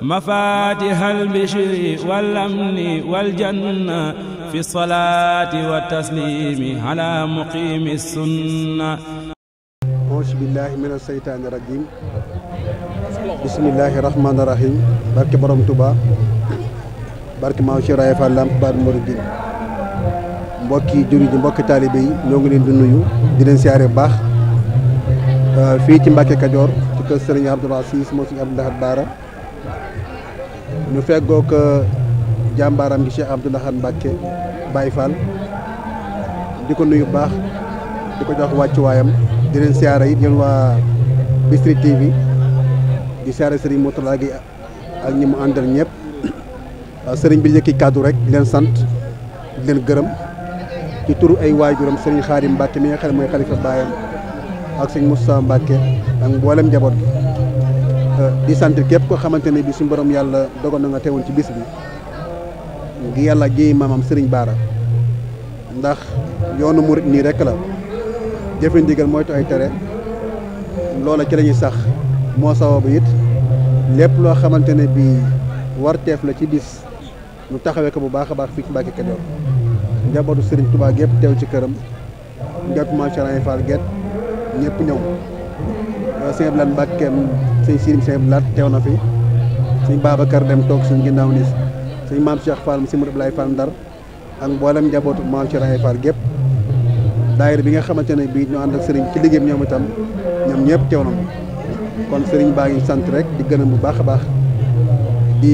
mafatih albishri walamni waljanna fi salaati wa taslimi ala muqimi sunna auzu billahi mina seytaani rajim bismillahi rahmaani rahim barke borom Tuuba barke maam Cheikh Ibra Fall Lamp Baabul Muridiin mbokki juri ji mbokki taalibe yi ñoo ngi leen di nuyu di leen siyaare bu baax fii ci Mbàkke Kajoor ci kër Sëriñ Abdoul Aziz moo suñu Abdou Lahad Bara ñu feggoog euh, jàmbaaram gi Cheikh Abdou Lahad Mbacké Baye Fall di ko nuyu baax di ko jox wàccuwaayam di leen siyaara it yéen waa Bichri TV di siyaara sëriñ Moutalla gi ak ñi mu àndal ñëpp sëriñ bi njëkki kàddu rek di leen sant di leen gërëm ci turu ay waay waajuram sëriñ Xaadim Mbacké mi nga xam ne mooy xalifa baayam ak sëriñ Moussa Mbacké ak mboolem njaboot di sant képp ko xamante ne bi suñu borom yàlla dogal na nga teewoon ci bis bi ngi yàlla ji maamam Serigne Baara ndax yoonu murit nii rek la jëfe ndigal moytu ay tere loola ci lañuy sax moo sababu it lépp loo xamante ne bi warteef la ci bis ñu taxawee ko bu baax a baax fii ci Mbàkke Kajoor njabootu Serigne Touba gépp teew ci këram njabootu Maam Cheikh Ibra Fall gépp ñëpp ñëw Sëñ Abdoulaye Mbàkkeem sëñ Sirim Cheikh Laat teew na fi sëñ Babacar dem toog suñ ginnaaw nii sëñ maam Cheikh Fall mu si Mouride Laye Fall Ndar ak mboolem njabootu maam Cheikh Laye Fall gépp daayira bi nga xamante ne bii ñu ànd ak sëriñ ci liggéeyam ñoom itam ñoom ñëpp teew nañu kon sëriñ baa ngi sant rek di gënam bu baax a baax di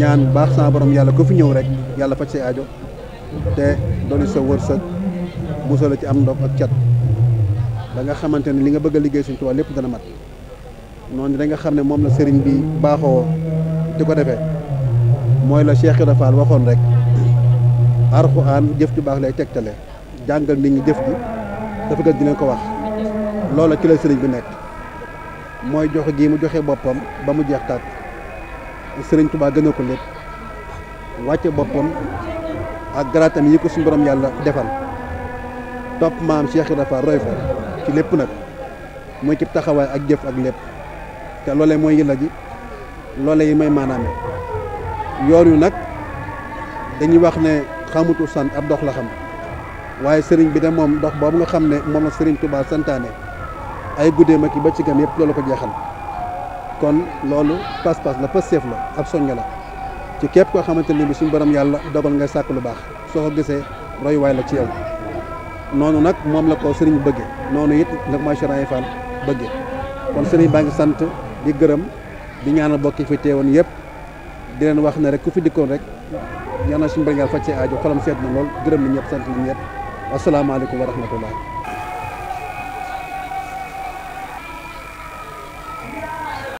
ñaan bu baax sama borom yàlla ko fi ñëw rek yàlla faj say aajo te dooli sa wërsëg musal ci am ndox ak cat da nga xamante ne li nga bëgg liggéey suñu tool lépp dana mat noonu da nga xam ne moom la sëriñ bi baaxoo di ko defee mooy la Cheikh Ibra Fall waxoon rek alxuraan jëf ju baax lay tegtale jàngal nit ñi jëf ji dafa gën dinañ ko wax loola ci la sëriñ bi nekk mooy joxe gii mu joxe boppam ba mu jeex tàkk sëriñ Tuubaa gën ko lépp wàcce boppam ak garaatam yi ko suñu yàlla defal topp maam Cheikh Ibra Fall roy ko ci lépp nag muy ci taxawaay ak jëf ak lépp te loolee mooy yëlla ji loolee yi may maanaame yoon yu nag dañuy wax ne xamutu sant ab dox la xam waaye sëriñ bi de moom dox boobu nga xam ne moom la sëriñ Touba santaane ay guddee ma ki ba ci gam yëpp loolu ko jeexal kon loolu pas-pas la pas-seef la ak soññ la ci képp koo xamante ne bi suñu borom yàlla dogal ngay sàkk lu baax soo ko gisee royuwaay la ci yow noonu nag moom la ko sëriñ bëgge noonu it nag mooy Cheikh Ibra Fall bëgge kon sëriñ baa ngi di gërëm di ñaanal bokki fi teewoon yëpp di leen wax ne rek ku fi dikkoon rek ñaanal suñu bëri nga faj see aajo xolam seet na lool gërëm na ñëpp sant na ñëpp asalaamaaleykum wa rahmatullah